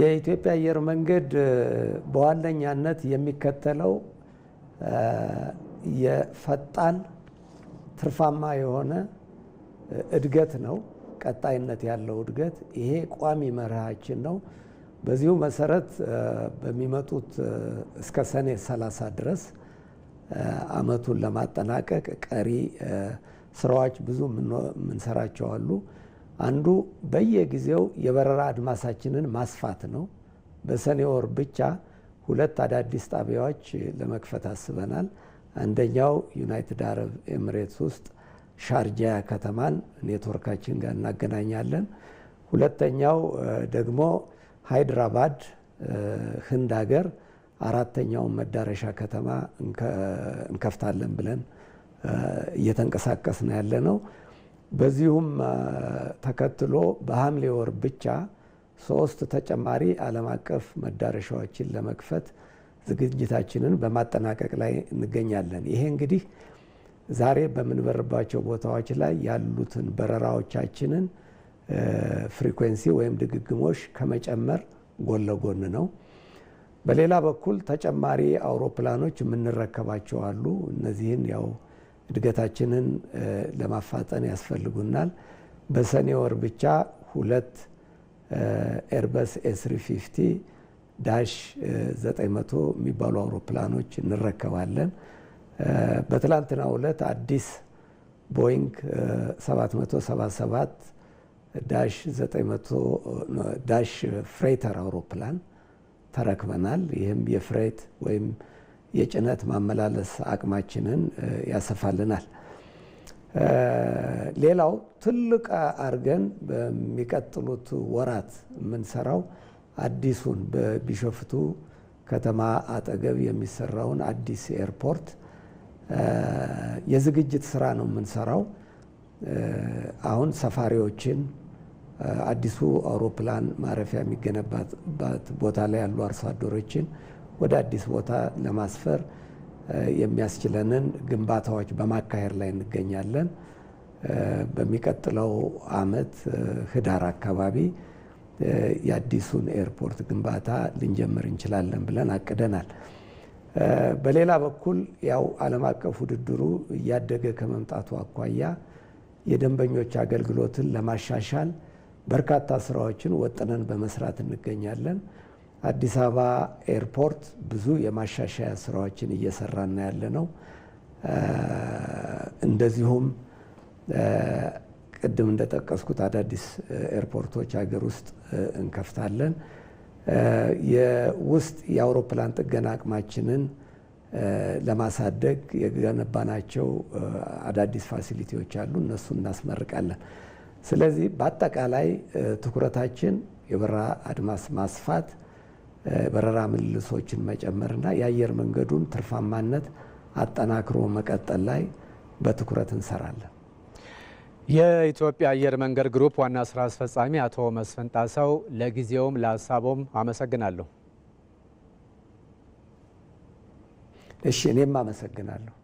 የኢትዮጵያ አየር መንገድ በዋነኛነት የሚከተለው የፈጣን ትርፋማ የሆነ እድገት ነው፣ ቀጣይነት ያለው እድገት። ይሄ ቋሚ መርሃችን ነው። በዚሁ መሰረት በሚመጡት እስከ ሰኔ 30 ድረስ አመቱን ለማጠናቀቅ ቀሪ ስራዎች ብዙ ምንሰራቸው አሉ። አንዱ በየጊዜው የበረራ አድማሳችንን ማስፋት ነው። በሰኔ ወር ብቻ ሁለት አዳዲስ ጣቢያዎች ለመክፈት አስበናል። አንደኛው ዩናይትድ አረብ ኤምሬትስ ውስጥ ሻርጃያ ከተማን ኔትወርካችን ጋር እናገናኛለን። ሁለተኛው ደግሞ ሃይድራባድ ህንድ ሀገር አራተኛውን መዳረሻ ከተማ እንከፍታለን ብለን ነው ያለ ነው። በዚሁም ተከትሎ በሐምሌ ወር ብቻ ሶስት ተጨማሪ ዓለም አቀፍ መዳረሻዎችን ለመክፈት ዝግጅታችንን በማጠናቀቅ ላይ እንገኛለን። ይሄ እንግዲህ ዛሬ በምንበርባቸው ቦታዎች ላይ ያሉትን በረራዎቻችንን ፍሪኩዌንሲ ወይም ድግግሞሽ ከመጨመር ጎን ለጎን ነው። በሌላ በኩል ተጨማሪ አውሮፕላኖች የምንረከባቸው አሉ። እነዚህን ያው እድገታችንን ለማፋጠን ያስፈልጉናል። በሰኔ ወር ብቻ ሁለት ኤርበስ ኤስ350 ዳሽ 900 የሚባሉ አውሮፕላኖች እንረከባለን። በትላንትናው ዕለት አዲስ ቦይንግ 777 ዳሽ 900 ዳሽ ፍሬተር አውሮፕላን ተረክበናል። ይህም የፍሬት ወይም የጭነት ማመላለስ አቅማችንን ያሰፋልናል። ሌላው ትልቅ አድርገን በሚቀጥሉት ወራት የምንሰራው አዲሱን በቢሾፍቱ ከተማ አጠገብ የሚሰራውን አዲስ ኤርፖርት የዝግጅት ስራ ነው የምንሰራው። አሁን ሰፋሪዎችን አዲሱ አውሮፕላን ማረፊያ የሚገነባት ቦታ ላይ ያሉ አርሶ አደሮችን ወደ አዲስ ቦታ ለማስፈር የሚያስችለንን ግንባታዎች በማካሄድ ላይ እንገኛለን። በሚቀጥለው ዓመት ህዳር አካባቢ የአዲሱን ኤርፖርት ግንባታ ልንጀምር እንችላለን ብለን አቅደናል። በሌላ በኩል ያው ዓለም አቀፍ ውድድሩ እያደገ ከመምጣቱ አኳያ የደንበኞች አገልግሎትን ለማሻሻል በርካታ ስራዎችን ወጥነን በመስራት እንገኛለን። አዲስ አበባ ኤርፖርት ብዙ የማሻሻያ ስራዎችን እየሰራና ያለ ነው። እንደዚሁም ቅድም እንደጠቀስኩት አዳዲስ ኤርፖርቶች ሀገር ውስጥ እንከፍታለን። የውስጥ የአውሮፕላን ጥገና አቅማችንን ለማሳደግ የገነባናቸው አዳዲስ ፋሲሊቲዎች አሉ። እነሱን እናስመርቃለን። ስለዚህ በአጠቃላይ ትኩረታችን የበረራ አድማስ ማስፋት በረራ ምልልሶችን መጨመርና የአየር መንገዱን ትርፋማነት አጠናክሮ መቀጠል ላይ በትኩረት እንሰራለን። የኢትዮጵያ አየር መንገድ ግሩፕ ዋና ስራ አስፈጻሚ አቶ መስፍን ጣሰው ለጊዜውም ለሀሳቦም አመሰግናለሁ። እሺ፣ እኔም አመሰግናለሁ።